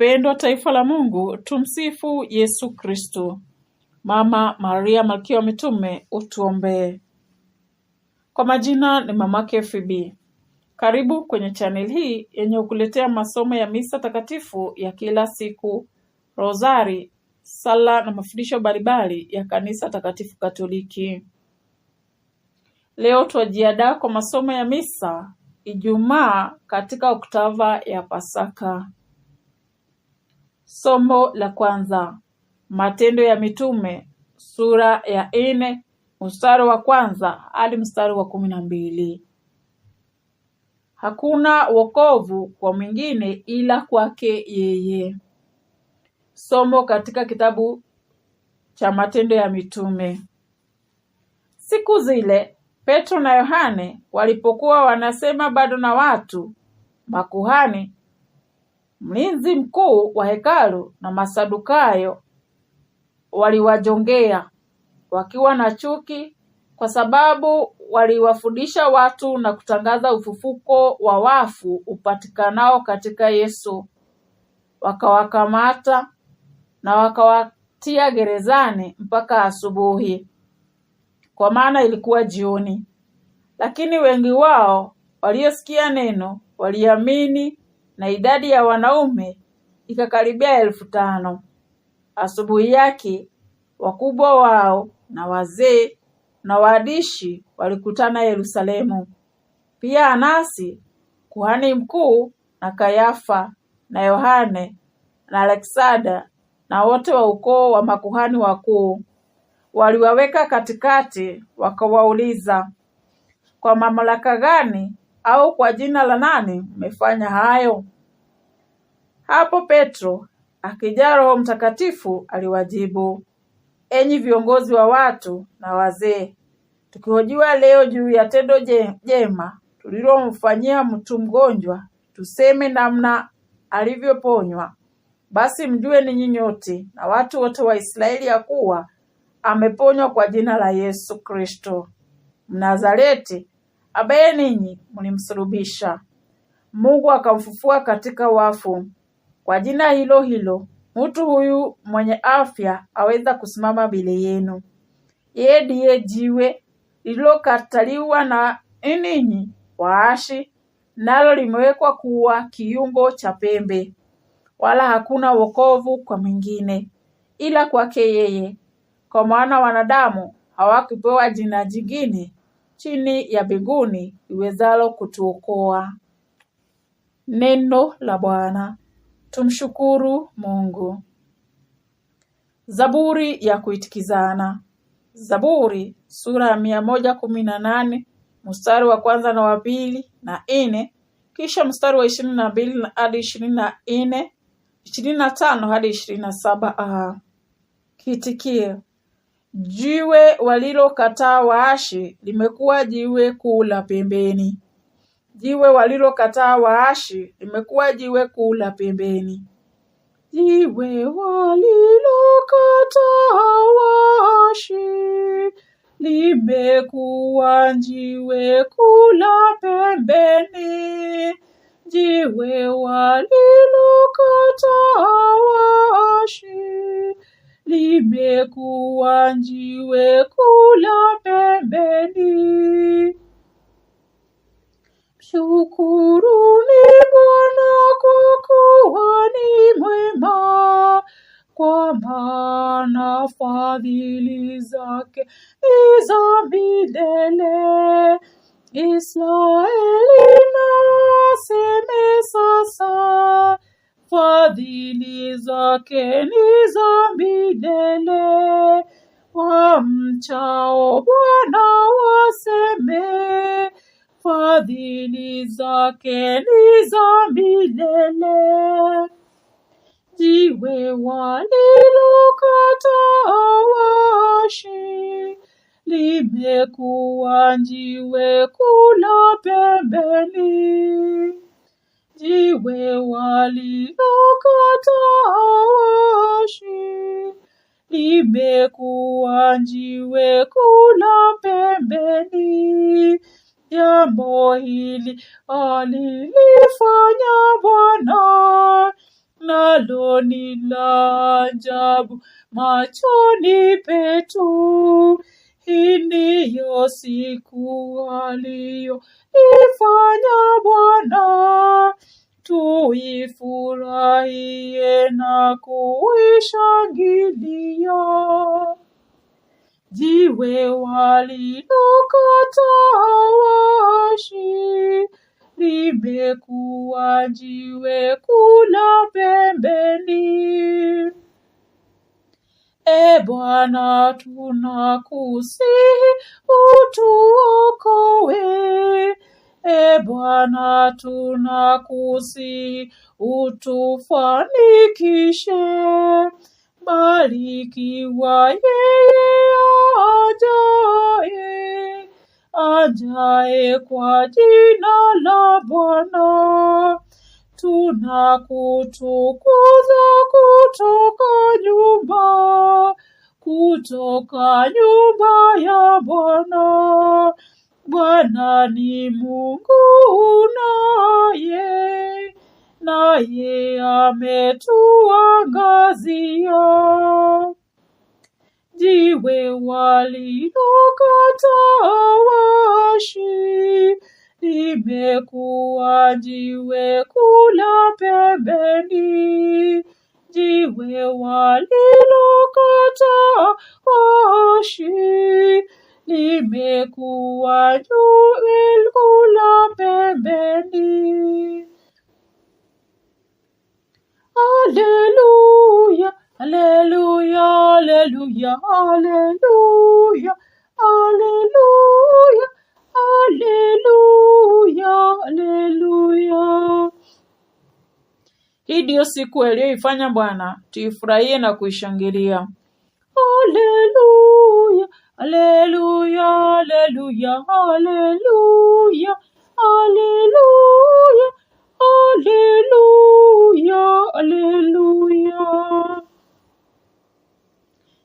Wapendwa taifa la Mungu, tumsifu Yesu Kristu. Mama Maria malkia wa mitume, utuombee. Kwa majina ni mamake Fibi. Karibu kwenye channel hii yenye kukuletea masomo ya misa takatifu ya kila siku, rosari, sala na mafundisho mbalimbali ya kanisa takatifu Katoliki. Leo twajiadaa kwa masomo ya misa Ijumaa katika oktava ya Pasaka. Somo la kwanza Matendo ya Mitume sura ya nne mstari wa kwanza hadi mstari wa kumi na mbili. Hakuna wokovu kwa mwingine ila kwake yeye. Somo katika kitabu cha Matendo ya Mitume. Siku zile Petro na Yohane walipokuwa wanasema bado na watu, makuhani Mlinzi mkuu wa hekalu na Masadukayo waliwajongea wakiwa na chuki kwa sababu waliwafundisha watu na kutangaza ufufuko wa wafu upatikanao katika Yesu. Wakawakamata na wakawatia gerezani mpaka asubuhi, kwa maana ilikuwa jioni. Lakini wengi wao waliosikia neno waliamini, na idadi ya wanaume ikakaribia elfu tano. Asubuhi yake wakubwa wao na wazee na waandishi walikutana Yerusalemu. Pia Anasi kuhani mkuu na Kayafa na Yohane na Alexander na wote wa ukoo wa makuhani wakuu waliwaweka katikati, wakawauliza, kwa mamlaka gani au kwa jina la nani mmefanya hayo? Hapo Petro akijaa Roho Mtakatifu aliwajibu, enyi viongozi wa watu na wazee, tukihojiwa leo juu ya tendo jema tulilomfanyia mtu mgonjwa, tuseme namna alivyoponywa, basi mjue ninyi nyote na watu wote wa Israeli ya kuwa ameponywa kwa jina la Yesu Kristo Mnazareti, ambaye ninyi mlimsulubisha, Mungu akamfufua katika wafu, kwa jina hilo hilo mtu huyu mwenye afya aweza kusimama mbele yenu. Yeye ndiye jiwe lililokataliwa na ninyi waashi, nalo limewekwa kuwa kiungo cha pembe, wala hakuna wokovu kwa mwingine ila kwake yeye, kwa maana wanadamu hawakupewa jina jingine chini ya mbinguni iwezalo kutuokoa. Neno la Bwana. Tumshukuru Mungu. Zaburi ya kuitikizana. Zaburi sura ya mia moja kumi na nane mstari wa kwanza na wa pili na nne kisha mstari wa ishirini na mbili hadi ishirini na nne ishirini na tano hadi ishirini na saba Kiitikio: jiwe walilokataa waashi limekuwa jiwe kuu la pembeni. Jiwe walilokataa waashi limekuwa jiwe kuu la pembeni. Jiwe walilokataa waashi limekuwa jiwe kuu la pembeni. Jiwe walilokataa waashi limekuwa jiwe kuu la pembeni. izabidele Israelina semesa fadhili zake ni za milele. Wamchao Bwana waseme, fadhili zake ni za milele. Jiwe walilokata limekuwa jiwe kula pembeni, jiwe walilokataa waashi. Limekuwa jiwe kuu la pembeni, jambo hili alilifanya Bwana, nalo ni la ajabu machoni petu. Hii ndiyo siku ifanya Bwana, tuifurahie na kuishangilia. Jiwe walilokataa waashi limekuwa jiwe kuu la pembeni. E Bwana, tunakusihi utuokoe. E Bwana, tunakusihi utufanikishe. Barikiwa yeye ajaye, ajaye kwa jina la Bwana tunakutukuza kutoka nyumba kutoka nyumba ya Bwana. Bwana ni Mungu naye naye ametuangazia. Jiwe walilokata washi Nimekuwa jiwe kula pembeni, jiwe walilokata oshi. Nimekuwa jiwe kula pembeni. Hallelujah, hallelujah, hallelujah, hallelujah, hallelujah. Aleluya, aleluya. Hii ndiyo siku aliyoifanya Bwana, tuifurahie na kuishangilia. Aleluya, aleluya, aleluya, aleluya, aleluya, aleluya, aleluya.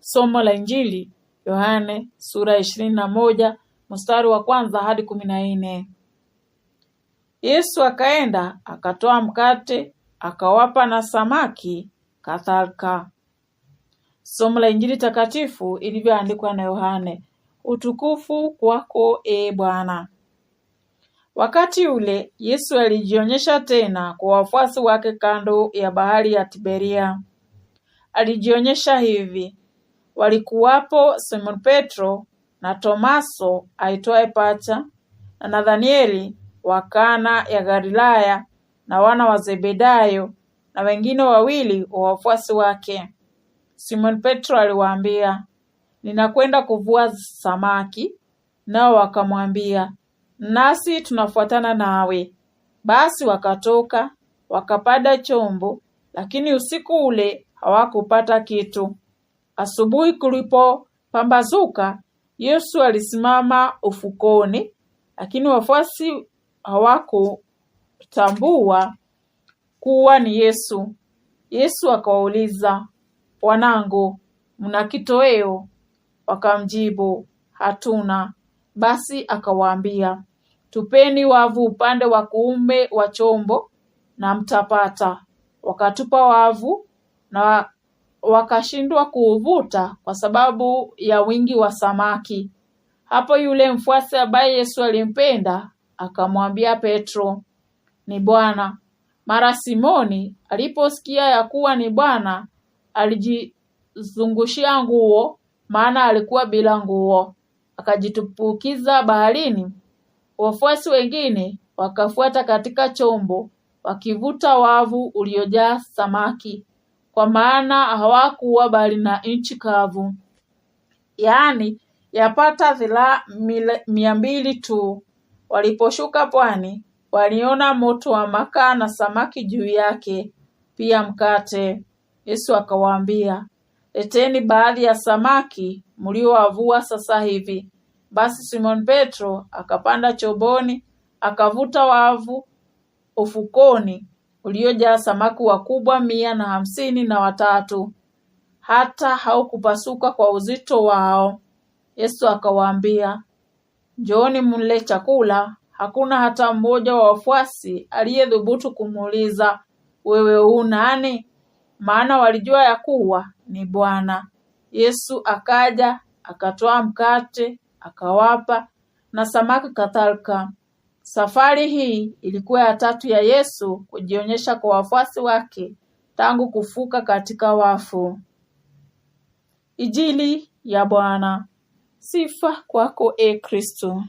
Somo la Injili Yohane sura ishirini na moja mstari wa kwanza hadi kumi na nne. Yesu akaenda akatoa mkate akawapa na samaki kadhalika. Somo la Injili takatifu ilivyoandikwa na Yohane. Utukufu kwako e Bwana. Wakati ule Yesu alijionyesha tena kwa wafuasi wake kando ya bahari ya Tiberia. Alijionyesha hivi: walikuwapo Simon Petro na Tomaso aitwaye Pacha na Nathanieli wa Kana ya Galilaya na wana wa Zebedayo na wengine wawili wa wafuasi wake. Simon Petro aliwaambia, ninakwenda kuvua samaki, nao wakamwambia, nasi tunafuatana nawe. Basi wakatoka wakapada chombo, lakini usiku ule hawakupata kitu. Asubuhi kulipopambazuka, Yesu alisimama ufukoni, lakini wafuasi hawakutambua kuwa ni Yesu. Yesu akawauliza, "Wanangu, mna kitoweo?" Wakamjibu, "Hatuna." Basi akawaambia, "Tupeni wavu upande wa kuume wa chombo na mtapata." Wakatupa wavu na wakashindwa kuuvuta kwa sababu ya wingi wa samaki. Hapo yule mfuasi ambaye Yesu alimpenda akamwambia Petro, ni Bwana. Mara Simoni aliposikia ya kuwa ni Bwana, alijizungushia nguo, maana alikuwa bila nguo, akajitupukiza baharini. Wafuasi wengine wakafuata katika chombo wakivuta wavu uliojaa samaki kwa maana hawakuwa bali na nchi kavu, yaani yapata dhiraa mia mbili tu. Waliposhuka pwani, waliona moto wa makaa na samaki juu yake, pia mkate. Yesu akawaambia, leteni baadhi ya samaki mliowavua sasa hivi. Basi Simon Petro akapanda choboni akavuta wavu ufukoni, uliojaa samaki wakubwa mia na hamsini na watatu, hata haukupasuka kwa uzito wao. Yesu akawaambia, njooni mle chakula. Hakuna hata mmoja wa wafuasi aliyedhubutu kumuuliza wewe u nani? Maana walijua ya kuwa ni Bwana. Yesu akaja akatoa mkate akawapa na samaki kadhalika. Safari hii ilikuwa ya tatu ya Yesu kujionyesha kwa wafuasi wake tangu kufuka katika wafu. ijili ya Bwana. Sifa kwako e Kristo.